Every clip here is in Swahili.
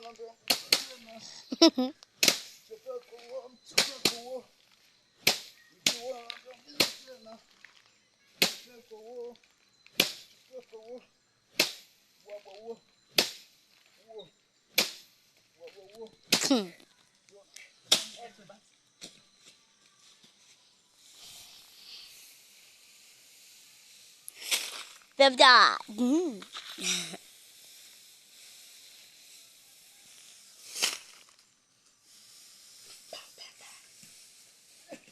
呵呵。别 动！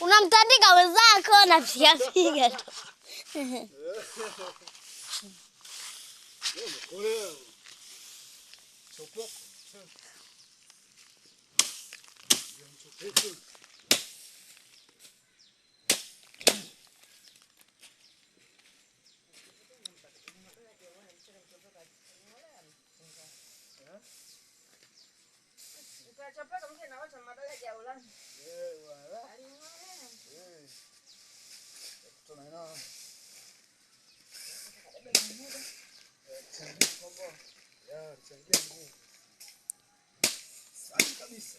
Unamtandika wenzako na pigapiga tu. Sabe cabeça.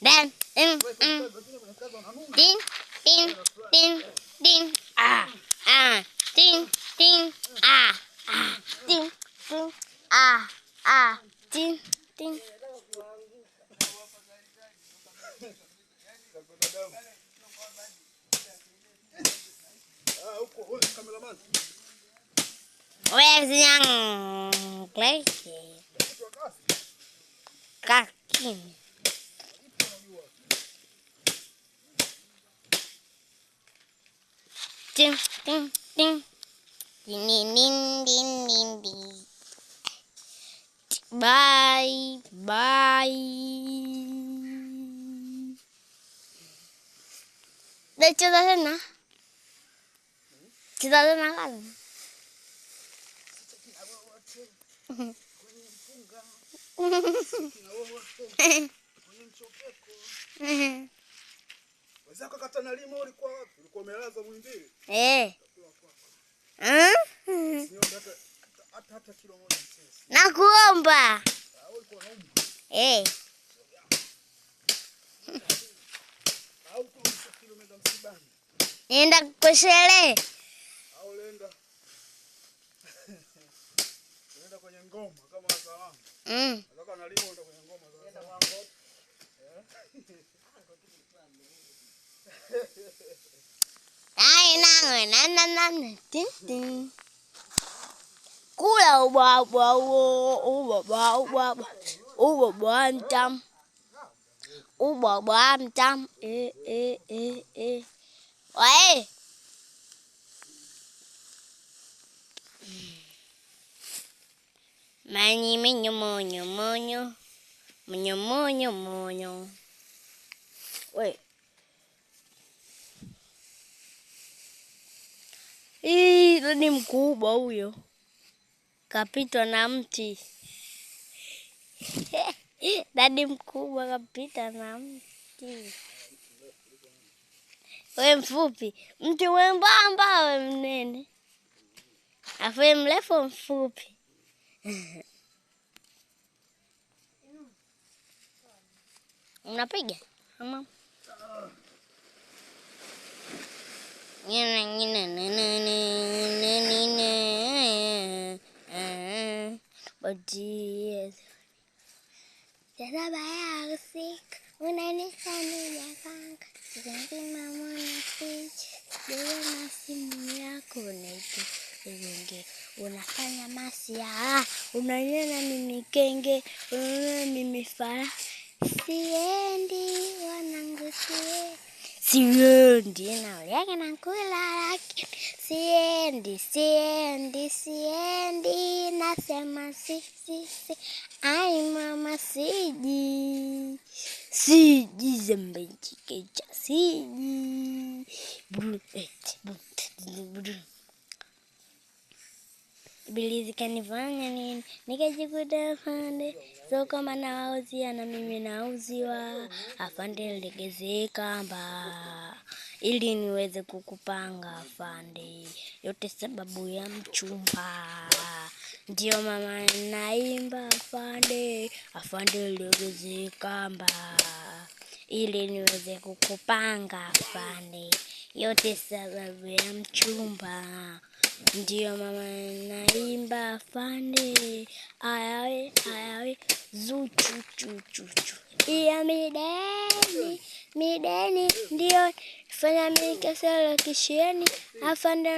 đen in in tin tin tin tin à à tin tin à à tin tin à à tin tin Where's young place? Kakin. ding ding ding ding ding ding ding ding bye bye 나 쳐다잖아 쳐다잖아 가는 Mm-hmm. Wenzako kata na limo ulikuwa wapi? Ulikuwa Eh. Hata hata kilo moja Nakuomba. Ah, eh. Ah, kwa Nenda Au lenda. Nenda kwenye ngoma kama Mm. Nataka kwenye ngoma. Nenda kwa eh? ngoma. Eh. Đây na người na na na chín chín cú đầu bò bò u bò bò u bò u bò bò anh trăm u bò bò anh trăm ê ê ê ê 喂 mày nhìn mình nhớ mơ nhớ mơ nhớ mình nhớ mơ nhớ mơ nhớ 喂 Hii ni mkubwa huyo, kapitwa na mti dadi mkubwa kapita na mti. We mfupi, mti mbamba, we mnene, afu mrefu mfupi unapiga ama Odie. Sasa baya usik, unanikania panga. Zingine mwana fichi, bila masimu yako unaitu unge. Unafanya masi ya, unaniona mimi kenge, unaniona mimi fara. Siendi wanangu siendi. Cindy, now you're gonna cool like Cindy, Cindy, Cindy. Nasema sisi, ai mama Cindy, Cindy zambi kikeja Cindy. Boom, boom, boom. bili zikanifanya nini, nikajikuta afande so kama nawauzia na mimi nauziwa afande, legezee kamba ili niweze kukupanga afande, yote sababu ya mchumba. ndio mama naimba afande, afande legezee kamba ili niweze kukupanga afande, yote sababu ya mchumba. Ndiyo mama naimba afande ayawe ayawe zuchuchuchuchu iya mideni mideni ndiyo fanya mikeselo kishieni afande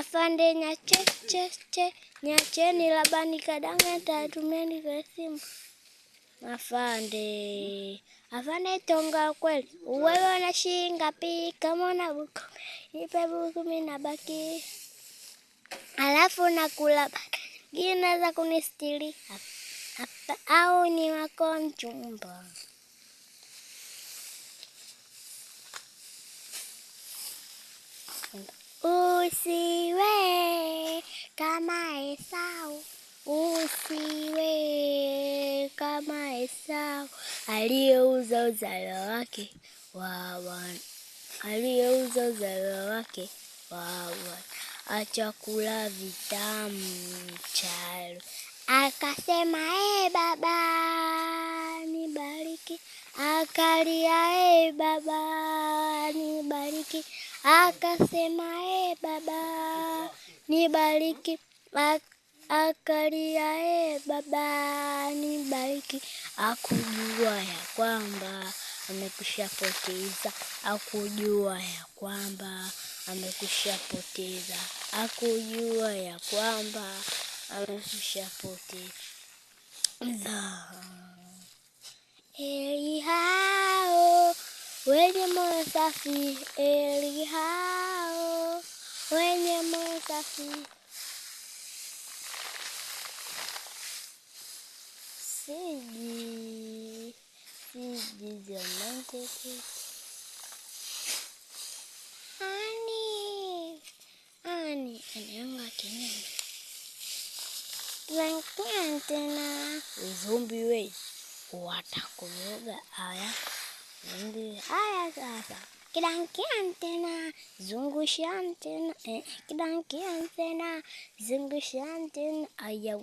afande nyache che che nyacheni labani kadanga tatumeni kwa simu afande afande tonga kweli uwewe unashingapi kama una buku ipe buku mimi nabaki alafu nakula ingine naweza kunistiri au ni wako mchumba. Usiwe kama Esau, usiwe kama Esau aliyeuza uzalo wake wa aliyeuza uzalo wake wa chakula vitamu chalo. Akasema, ee Baba nibariki. Akalia, e Baba nibariki. Akasema, e Baba nibariki. Akalia, e Baba nibariki. Akujua ya kwamba poteza akujua ya kwamba poteza akujua ya kwamba poteza Heri hao wenye moyo safi, heri hao wenye moyo safi. Siji Puis deuxièmement, Ani Ani anaanga kinini lankia tena zombi we watakuvuga aya zombi aya sasa kidankia tena zungushia tena eh, kidankia tena zungushia tena aya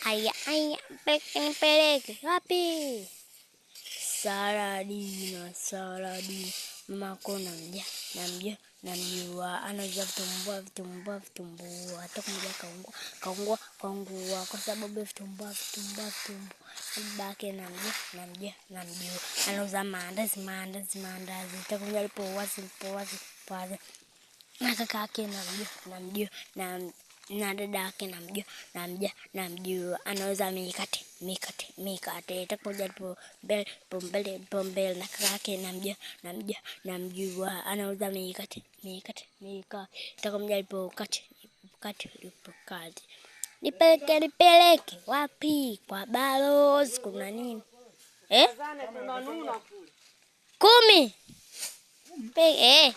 Ay, ay, peleke nipeleke papi. Saladina, Saladina, mama yako namjua, namjua, Ana anauza vitumbua, vitumbua, vitumbua, hata kumjua kaungua, kaungua, kaungua, kwa sababu vitumbua, vitumbua, vitumbua, babake namjua, namja namjua, anauza maandazi, maandazi, maandazi, hata kumjua alipo wazi, lipo wazi, wazi, na kaka yake namjua, na dada yake namjua, namjua, namjua, anauza mikate mikate mikate, takuja ipo mbele pombele mbele na kaka yake namjua, namjua, namjua, anauza mikate mikate mikate, takuja ipo kati kati ipo kati, nipeleke nipeleke wapi? Kwa balozi kuna nini eh? kumi pe eh,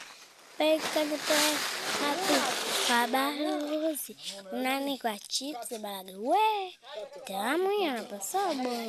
peleke nipeleke wapi? Kwa balozi chip kwa chips balaga. We, tamu ya bongo